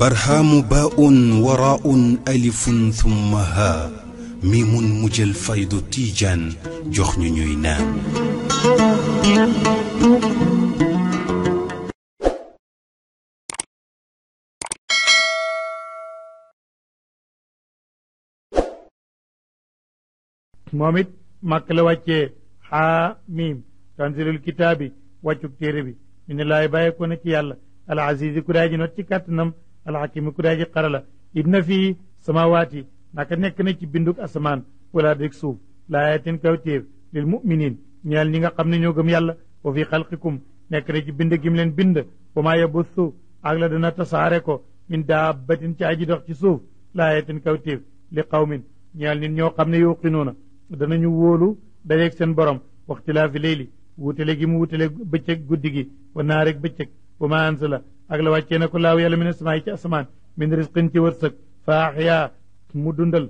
برهام باء وراء ألف ثم ها ميم مجل فيض تيجان jox ñu ñuy naan moom it màkk la wàccee xaa miim tanzilul kitaabi wàccuk téere bi mi ne laay bàyyi ko na ci yàlla al azizi ku daa ji not ci kàttanam alxakimi ku daaji xarala inna fii samawaati naka nekk na ci bindug asamaan wala dég suuf laayatin kawtéef lil muminin ñeel ñi nga xam ne ñoo gëm yàlla wa fi xalqikum nekk na ci bind gim leen bind wa maa yabuthu ak la dana tasaare ko min daabatin ci aji dox ci suuf laayatin kawtéef li qawmin ñeel nit ñoo xam ne yuqinuuna danañu wóolu dajeeg seen borom waxtilaafi leyli wutale gi mu wutale bëccëg guddi gi wa naareeg bëccëg wa ma ansala ak la wàccee na ko laaw yàlla min asamaay ci asamaan min risqin ci wërsëg faaxiya mu dundal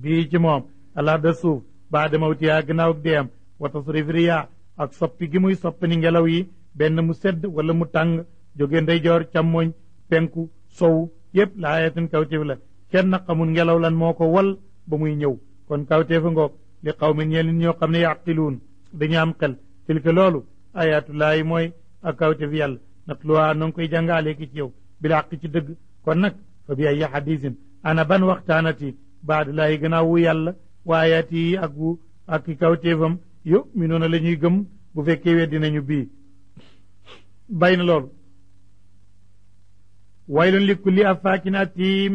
bii ci moom alaada suuf baada mawtiyaa gannaaw ak deeyam wa tasrif riyaa ak soppi gi muy sopp ni ngelaw yi benn mu sedd wala mu tàng jóge ndeyjoor càmmooñ penku sow yépp la ayatin kawtéef la kenn xamul ngelaw lan moo ko wal ba muy ñëw kon kawtéefa ngoog li xaw mi ñeel nit ñoo xam ne yaqiluun dañu am xel tilka loolu ayaatullaahi mooy ak kawtéef yàlla natluwaa no ngi koy jàngaale ki ci yow bilàq ci dëgg kon nag fa bi ay xadisin ana ban waxtaanati baad laay gannaaw wu yàlla waayaati ak wu ak kawteefam yo mi noona la ñuy gëm bu fekkee weddi nañu bii bay na loolu waylun li kulli afaakin atim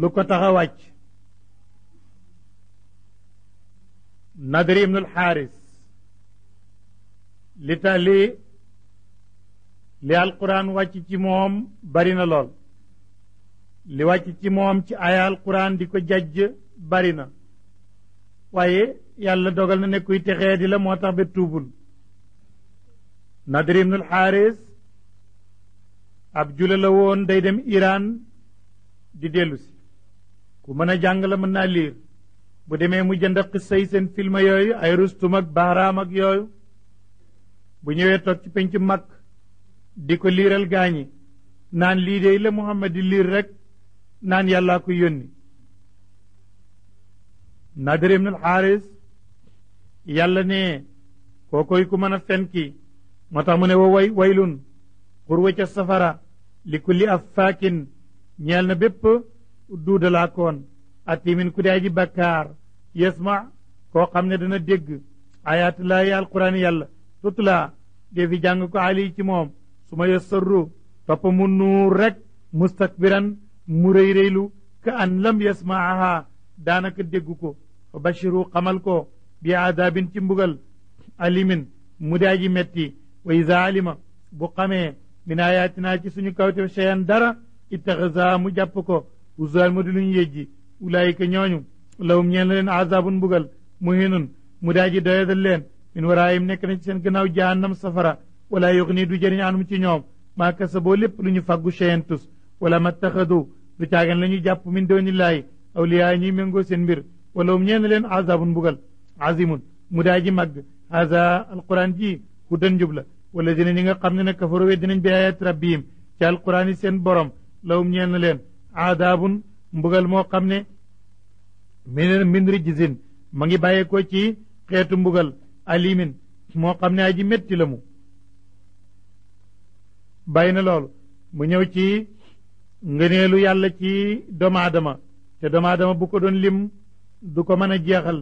lu ko tax a wàcc nadri ibnul xaaris li ta li li alquran wàcc ci moom bari na lool li wàcc ci moom ci ay alquran di ko jajj bari na waaye yàlla dogal na nekkuy texee di la moo tax ba tuubul Nadir Xaaris ab jula la woon day dem iraan di dellu si ku mën a jàng la mën naa liir bu demee mu jënd xissa yi seen film yooyu ay rustum ak yooyu bu ñëwee toog ci penc mag di ko liiral gaañi naan lii dey la Muhammad di liir rek naan yàllaa ko yónni Nadir ibn al yàlla ne kookoy ku mën a fen moo tax mu ne wa way waylun ca safara li kulli affaakin ñeel na bépp duudalaa koon atimin ku daa ji bàkkaar yesma koo xam ne dana dégg ayaatullaahi alquraan yàlla tutla defi jàng ko ali ci moom su ma yassarru topp mu nuur rek mustakbiran mu rëy rëylu an lam yasmaaha daanaka déggu ko fa bashiru xamal ko bi aadaabin ci mbugal alimin mu daaji metti wa iza alima bu xamee naa ayaatinaa ci suñu kawte cheyan dara ittaxasa mu jàpp ko usual mu di luñ yejji ulaayika ñooñu lawum ñeen leen azaabun mbugal muhinun mu daaji doyadal leen min waraayim nekk na ci seen gannaaw jahannam safara wala yuxni du jëriñ anum ci ñoom maa kasaboo lépp lu ñu fàggu cheyen tus wala mattaxadu lu caagan la ñu jàpp min doonillaahi awliyaa ñuy méngoo seen mbir wala um ñeen leen azabun mbugal mu daa ji màgg haza alquran ji hudan njub la wala dina ñi nga xam ne ne kafaru dinañ bi ayati rabbihim ci alquran yi seen borom lawum ñeen leen aadaabun mbugal moo xam ne min min rijzin ma ngi bàyyeekoo ci xeetu mbugal alimin moo xam ne aji métti la mu bàyyi na loolu mu ñëw ci ngëneelu yàlla ci doomu te doomu bu ko doon lim du ko mën a jeexal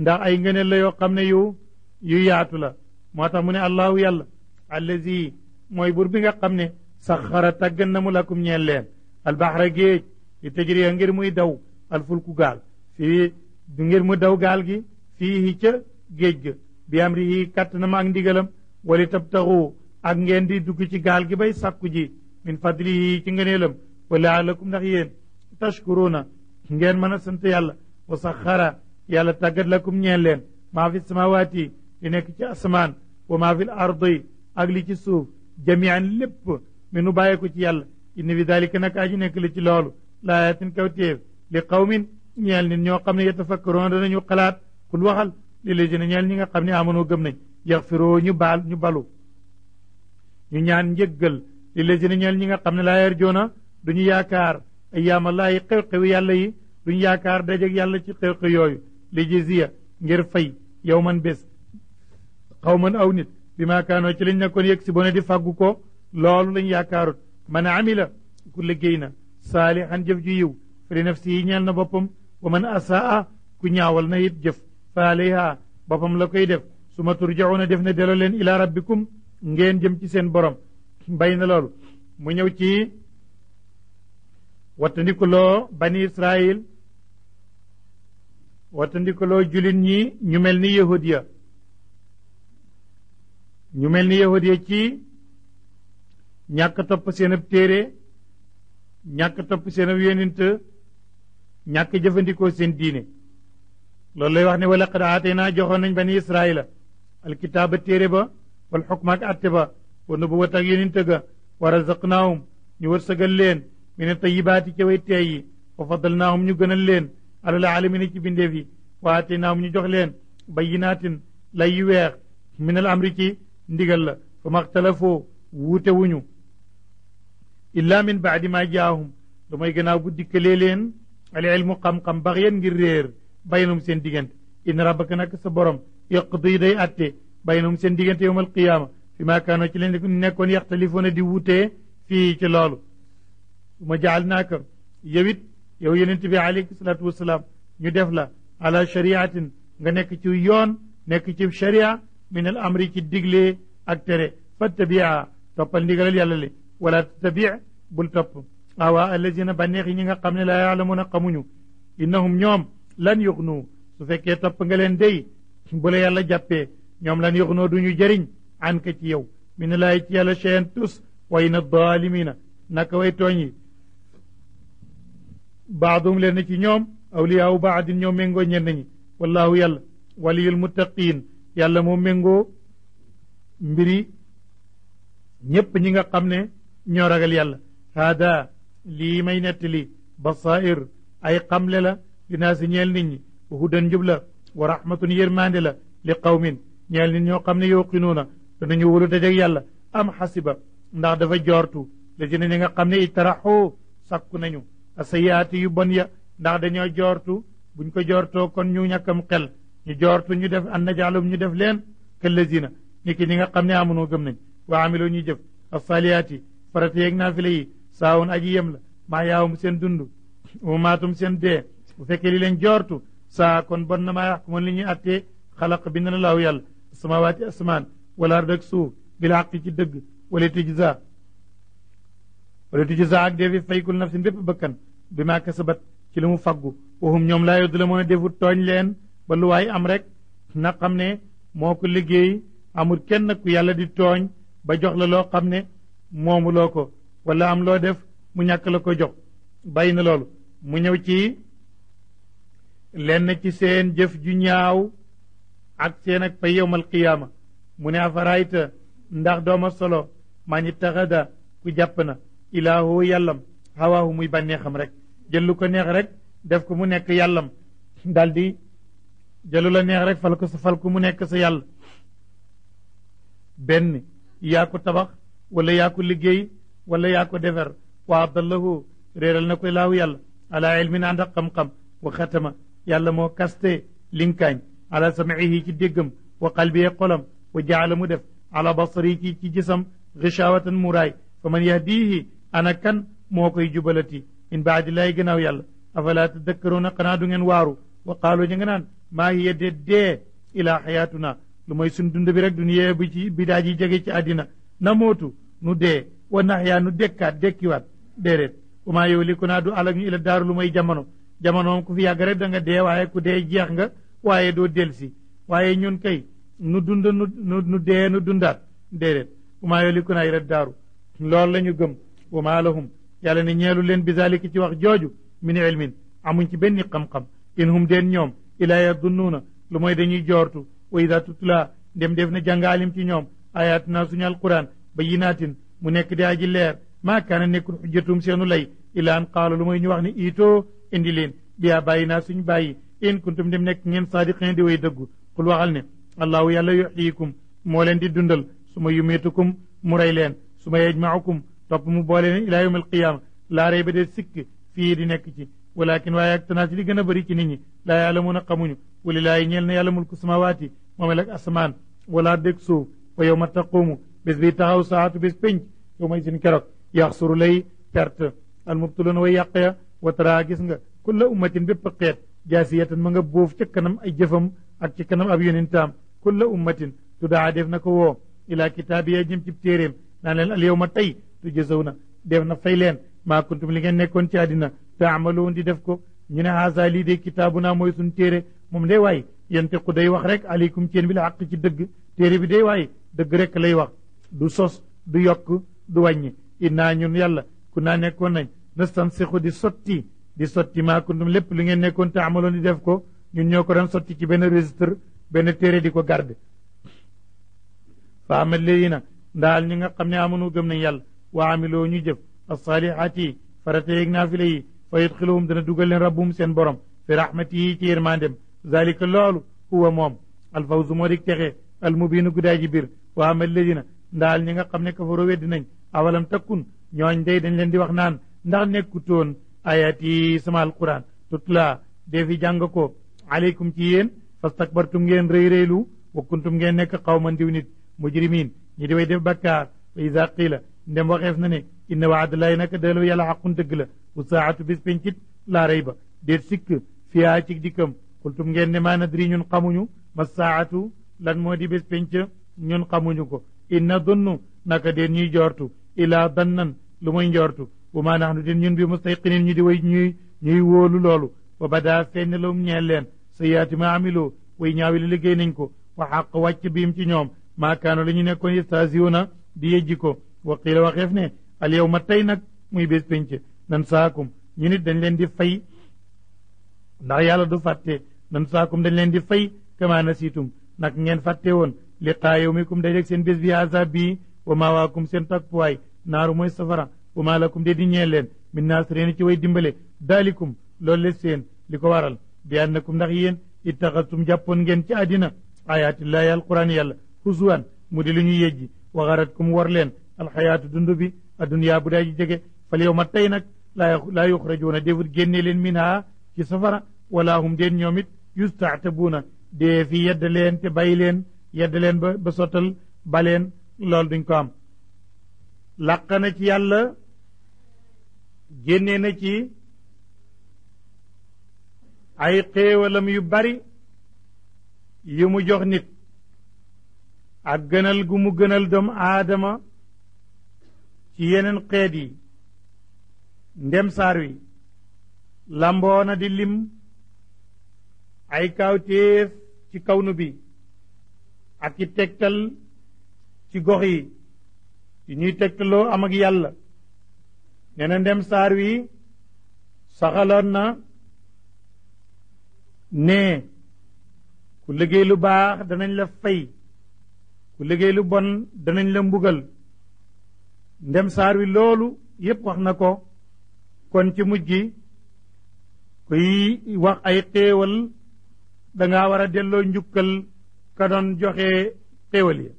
ndax ay ngëneel la yoo xam ne yu yu yaatu la moo tax mu ne allahu yàlla allazi mooy buur bi nga xam ne saxara tàggan na mu lakum ñeel leen albaxra géej li tajriya ngir muy daw alfulku gaal fii ngir mu daw gaal gi fii ca géej ga bi amrihi kattanam ak ndigalam wali tabtaxu ak ngeen di dugg ci gaal gi bay sàkku ji min fadlihi ci ngëneelam wa laalakum ndax yéen na ngeen mën a sant yàlla wa saxara yàlla la lakum ñeen leen maa fi samawaati li nekk ci asamaan wa maa fi l ardi ak li ci suuf jamian lépp mi nu bàyyi ko ci yàlla inna fi dalika nag aji nekk la ci loolu laayatin kawtéef li qawmin ñeel nit ñoo xam ne yatafakkaroon danañu xalaat kul li léegi na ñeel ñi nga xam ne amanoo gëm nañ yaxfiroo ñu baal ñu balu ñu ñaan njëggal li léegi na ñeel ñi nga xam ne laa yarjoona duñu yaakaar ayyaama laayi xew-xewi yàlla yi duñu yaakaar dajeg yàlla ci xew-xew yooyu li jisiya ngir fay yow man bés xaw man aw nit bi maakaanoo ci lañ nekkoon yëg si bone di fàggu ko loolu lañ yaakaarut man amila ku liggéey na saalihan jëf ju yiw fa li nafsi yi ñeel na boppam wa man asaa ku ñaawal na it jëf fa alayha boppam la koy def su ma turjauna def na delloo leen ilaa rabbikum ngeen jëm ci seen borom bay na loolu mu ñëw ci wattandikuloo bani israil wattandikuloo julin ñi ñu mel ni yahudiya ñu mel ni yahudiya ci ñàkk topp seen ab téere ñàkk topp seen ab yonent ñàkk jëfandikoo seen diine lolou lay wax ni wala qad aataynaa joxon nañ bani israila alkitaaba tere ba wal xukma ak atte ba wa nubuwata ak yonent ga wa razaqnaahum ñu wërsëgal leen min tayyibati ci way teey yi wa fadalnaahum ñu gënal leen alal alamin ci binde fi wa aataynaahum ñu jox leen bayinaatin lay wex min al amri ci ndigal la fa maktalafu wute wuñu illa min baadi ma jaahum damay gannaaw bu dikkalee leen al ilmu qam qam bagyen ngir réer baynum seen diggante inna rabbaka nag sa borom yaqdi day atte baynum seen diggante yowmal qiyaama fi maa kaanoo ci lañ nekkoon yaxtalifuuna di wutee fii ci loolu ma jaal naaka yow it yow yonent bi alayhi salaatu wasalaam ñu def la ala shariatin nga nekk ci yoon nekk ci sharia min al amri ci digle ak tere fattabia toppal ndigalal yàlla le wala tabi bul topp awa allazina bànneex yi ñi nga xam ne laa yaalamuuna xamuñu innahum ñoom lan yuxnu su fekkee topp nga leen day bu la yàlla jàppee ñoom lan yuxnu du ñu jëriñ an ka ci yow min laay ci yàlla cheyen tus way na daalimina naka way tooñ yi baadum leen ci ñoom awliyaawu baadin ñoo méngoo ñenn ñi wallahu yàlla walla waliyul muttaqin yàlla moo méngoo mbiri ñépp ñi nga xam ne ñoo ragal yàlla haada lii may nettali basair ay xamle la dinaa si ñeel nit ñi hudan njub la wa rahmatun yërmande la li qawmin ñeel nit ñoo xam ne yuqinuuna danañu a dajeg yàlla am xasiba ndax dafa joortu la ci ne ñi nga xam ne itaraxoo sakku nañu a asayaati yu bon ya ndax dañoo joortu buñ ko joortoo kon ñu ñàkkam xel ñu joortu ñu def an najaalum ñu def leen këllazina ni ki ñi nga xam ne amunoo gëm nañ waa amiloo ñu jëf asaliyaati farata yeeg naafila yi saawun aji yem la maa yaawum seen dund seen bu fekkee li leen joortu saa kon bon na maa yax kumoon li ñuy attee xalaq bind na laahu yàlla samawaati asmaan wala ard ak suuf bil xaqi ci dëgg wala tijza wala tijza ak deefi faykul nafsin bépp bëkkan bi maa kasabat ci li mu faggu waxum ñoom laa yoddu la mooy defu tooñ leen ba lu waay am rek na xam ne moo ko liggéey amul kenn ku yàlla di tooñ ba jox la loo xam ne moomu loo ko wala am loo def mu ñàkk la ko jox bàyyi na loolu mu ñëw ci lenn ci seen jëf ju ñaaw ak seen ak pay yowmal qiyaama mu ne afarayta ndax dooma solo mañi ñi taxada ku jàpp na ilaahu yàllam hawaahu muy bànneexam rek jël lu ko neex rek def ko mu nekk yàllam daldi jëlu la neex rek fal ko sa fal ko mu nekk sa yàlla benn yaa ko tabax wala yaa ko liggéey wala yaa ko defer wa abdallahu réeral na ko ilaahu yàlla ala ilmin ànd ak xam-xam wa xatama yàlla moo kaste linkaañ ala samihi ci déggam wa qalbi xolam wa jaala mu def ala basari ci ci gisam gishaawatan muraay fa man yahdihi ana kan moo koy jubalati min baadillahi gannaaw yàlla afala tadakkaruuna xanaa du ngeen waaru wa qaalu ña nga naan maa hiya de dee ilaa xayaatuna lu mooy sun dund bi rek duniya bi ci bi daa ji jege ci àddina na mootu nu dee wa naxyaa nu dekkaat dekkiwaat déedéet wa maa yow li ku naa du alag ñu ila daaru lu mooy jamono jamonoom ku fi yàgg rek da nga waaye ku dee jeex nga waaye doo delsi waaye ñun kay nu dund nu nu dee nu dundaat déedéet umaa yoliku naay ret daaru loolu la ñu gëm wa maa lahum yàlla ne ñeelu leen bi zalika ci wax jooju min ilmin amuñ ci benn xam-xam in hum deen ñoom ilaa yadunnuuna lu mooy dañuy joortu wa ida tutla ndem def na jàngaalim ci ñoom ayaatuna suñu ba bayyinaatin mu nekk di aji leer maa kaana nekkul xujjatum seenu lay ilaa an wax ni indi leen biyaa bàyyi naa suñ bàyyi in kuntum dem nekk ngeen saadiqin di way dëgg kul waxal ne allahu yàlla yuxyikum moo leen di dundal suma ma mu rey leen suma ma yejmaukum topp mu boole leen ilaa yawm alqiyaama laa rey ba dee sikk fii di nekk ci walakin waaye ak tanaas li gën a bëri ci nit ñi laa yaalamuuna xamuñu walilaayi ñeel na yàlla mulku samawaati moomel ak asamaan wala dëg suuf wa yawma taquumu bés bi taxaw saatu bés pénc yow may sin keroog yaxsuru lay perte almubtuluuna way yàq ya watara gis nga kulla ummatin bépp xeet jaasiyatan ma nga boof ca kanam ay jëfam ak ci kanam ab yonentaam kulla ummatin tuddaa def na ko woo ilaa kitaabiya jëm ci téeréem naa leen al yawma tey tujzaw na def na fay leen maa kuntum li ngeen nekkoon ci àddina taamaloon di def ko ñu ne haasa lii de kitaabu naa mooy suñ téere moom day waay yantiqu day wax rek aleykum ceen bi la xaq ci dëgg téere bi day waay dëgg rekk lay wax du sos du yokk du wàññi innaa ñun yàlla ku naa nekkoon nañ na nastansixu di sotti di sotti maa kuntum lépp lu ngeen nekkoon te amaloon di def ko ñun ñoo ko doon sotti ci benn registre benn téere di ko garde fa ama léegi na ndaal ñi nga xam ne amunu gëm nañ yàlla wa amiloo ñu jëf alsaalihaat yi farata yeeg naafile yi fa yudxiluhum dana dugal leen rabbum seen borom fi rahmati yi ci yërmandem zalika loolu huwa moom alfawzu moo dik texe almubiinu guddaay ji biir wa ama léegi na ndaal ñi nga xam ne kafaru weddi nañ awalam takkun ñooñ day dañ leen di wax naan ndax nekkutoon ayat yi sama alquran tutla dee fi jàng ko aleykum ci yéen fastakbartum ngeen rëy rëylu wa kuntum ngeen nekk xawman diw nit mujrimin ñi di way def bakkaar fa ida qila ndem waxeef na ne inna waadalaay naka delu yàlla xaqun dëgg la bu saatu bis pencit la rey ba déet sikk fiyaa ci dikkam xultum ngeen ne maa nadri ñun xamuñu ma saatu lan moo di bis penc ñun xamuñu ko inna dunnu naka deen ñuy joortu ilaa dannan lu muy njortu wa maa naxnu den ñun bi mustayqinin ñu di way ñuy ñuy wóolu loolu wa badaa feeñ na lawum ñeel leen sa yaati ma amiloo way ñaawi la liggéey nañ ko wa xàq wàcc biim ci ñoom maakaano la ñu nekkoon yastasiuna di yejji ko wa qiila waxeef ne al yow ma tey nag muy bés pénc nan saakum ñu nit dañ leen di fay ndax yàlla du fàtte nan saakum dañ leen di fay kama nasiitum nag ngeen fàtte woon liqaa yow mi kum day rek seen bés bi azab bii wa maawaakum seen takkuwaay naaru mooy safara wa maa lakum de di ñeel leen min naasireen ci way dimbale daalikum loolu le seen li ko waral bi annakum ndax yéen ittaxastum jàppoon ngeen ci àddina ayaatillaahi alquran yàlla husuwan mu di lu ñu yejji wa garatkum war leen alxayaatu dund bi adduniyaa bu daa ji jege fal yow ma tey nag laa laa yuxrajuuna défut génne leen minhaa ci safara wala hum deen ñoom it yustaatabuuna dee fi yedda leen te bàyyi leen yedda leen ba ba sottal baleen loolu duñ ko am làq na ci yàlla génne na ci ay xéewalam yu bari yu mu jox nit ak gënal gu mu gënal doomu aadama ci yeneen xeet yi ndem saar wi lamboona di lim ay kawtéef ci kawnu bi ak i tegtal ci gox yi yu ñuy tegtaloo am ak yàlla nee na ndem saar wi saxaloon na ne ku liggéey lu baax danañ la fay ku liggéey lu bon danañ la mbugal ndem saar wi loolu yépp wax na ko kon ci mujj gi kuy wax ay xéewal danga war a delloo njukkal ka doon joxe xéewal yi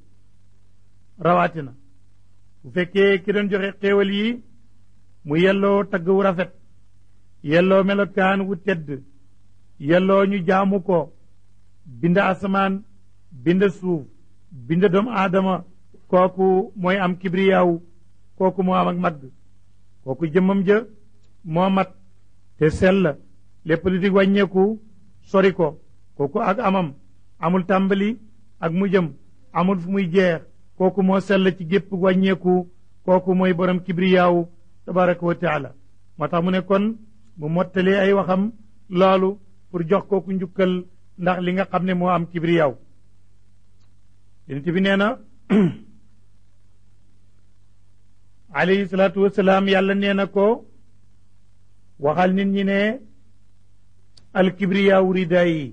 rawatina bu fekkee ki doon joxe xéewal yi mu yelloo tagg wu rafet yelloo melokaan wu tedd yelloo ñu jaamu ko bind asamaan bind suuf bind doomu aadama kooku mooy am kibriyaaw kooku moo am ak mag kooku jëmmam jë moo mat te sell lépp lu di wàññeeku sori ko kooku ak amam amul tàmbali ak mujjam amul fu muy jeex kooku moo sell ci gépp wàññeeku kooku mooy borom kibriyaaw tabaraka wa taala moo tax mu ne kon mu mottalee ay waxam loolu pour jox kooku njukkal ndax li nga xam ne moo am kibriyaw yonent bi nee na alayhi salaatu wasalaam yàlla nee na ko waxal nit ñi ne alkibriyaawu ridaa yi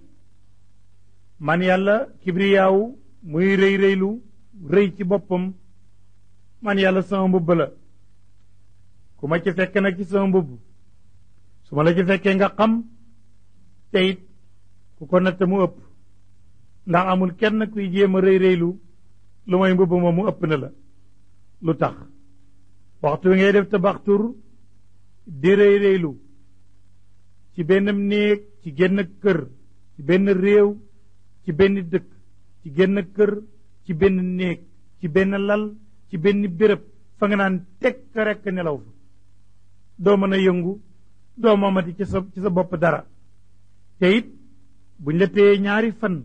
man yàlla kibriyaawu muy rëy rëylu rëy ci boppam man yàlla sama mbubb la ku ma ci fekk nag ci sama mbubb su ma la ci fekkee nga xam te it ku ko natt mu ëpp ndax amul kenn kuy jéem a rëy rëylu lu may mbubb moom mu ëpp na la lu tax waxtu wi ngay def tabaxtur di rëy rëylu ci benn néeg ci génn kër ci benn réew ci benn dëkk ci génn kër ci benn néeg ci benn lal ci benn béréb fa nga naan tekk rek nelaw fa doo mën a yëngu doo moomati ci sa ci sa bopp dara te bu buñ la téyee ñaari fan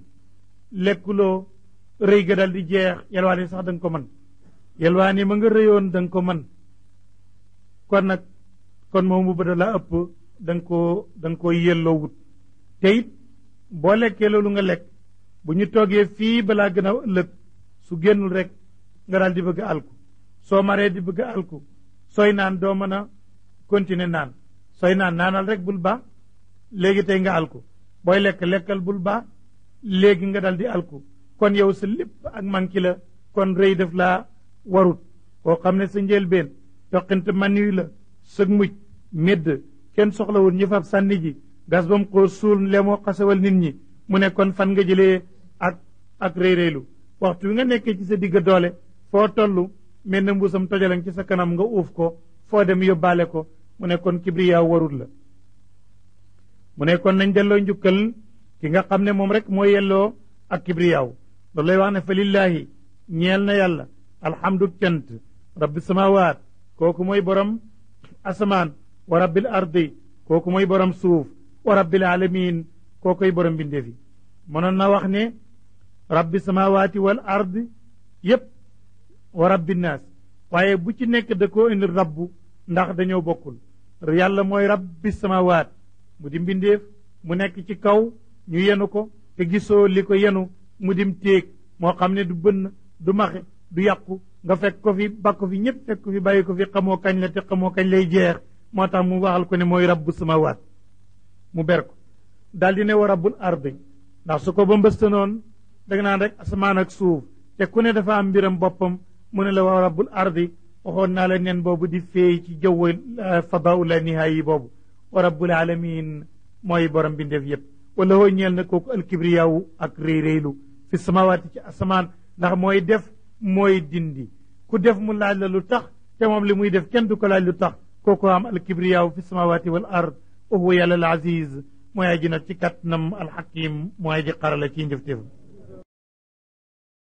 lekkuloo rëy ga dal jeex yelwaani sax da nga ko mën yelwaani ma nga rëyoon danga ko man kon nag kon moom bu bëda la ëpp da nga koo da nga koo yelloo wut te boo lekkee loolu nga lekk bu ñu toogee fii balaa gën a ëllëg su génnul rekk nga daal di bëgg alku soo maree di bëgg alku sooy naan doo mën a continuer naan sooy naan naanal rek bul baa léegi tey nga alku booy lekk lekkal bul baax léegi nga dal di alku kon yow sa lépp ak manki la kon rëy def la warut koo xam ne sa njëlbéen toqint maniyu la sëg muj médd kenn soxlawul ñu fab sànni ji gas bam ko suul lemoo xasawal nit ñi mu ne kon fan nga jëlee ak ak rëy rëylu waxtu wi nga nekkee ci sa digg doole foo toll mel na mbuusam tojalan ci sa kanam nga uuf ko foo dem yóbbaale ko mu ne kon kibriya warul la mu ne kon nañ delloo njukkal ki nga xam ne moom rek moo yelloo ak kibriyaaw loolu wax ne fa lillaahi ñeel na yàlla alhamdu cant rabbi samawaat kooku mooy borom asamaan wa rabbil ardi kooku mooy borom suuf wa rabbil alamin kookoy borom bindeefi mënoon na wax ne rabbi samawaati wal ard yépp wa rabbi naas waaye bu ci nekk da koo indi rabbu ndax dañoo bokkul yàlla mooy sama waat mu di mbindeef mu nekk ci kaw ñu yenu ko te gisoo li ko yenu mu dim téeg moo xam ne du bënn du maxe du yàqu nga fekk ko fi bakk ko fi ñëpp fekk ko fi bàyyi ko fi xamoo kañ la te xamoo kañ lay jeex moo tax mu waxal ko ne mooy sama waat mu ber ko daal di ne wa rabbul ardi ndax su ko ba mbësta noonu da nga naan rek asamaan ak suuf te ku ne dafa am mbiram boppam mu ne la waa rabbul ardi waxoon naa la nen boobu di feey ci jaww fadaau la nihaayi boobu wa rabbul alamin mooy borom bindeef yépp wala hoo ñeel na kooku alkibriyaawu ak réy réylu fi samawaati ci asamaan ndax mooy def mooy dindi ku def mu laaj la lu tax te moom li muy def kenn du ko laaj lu tax kooku am alkibriyaawu fi samawaati wal ard wa huwa yàlla al aziz mooy aji not ci kattanam alxakim mooy aji xarala ciy njëfteef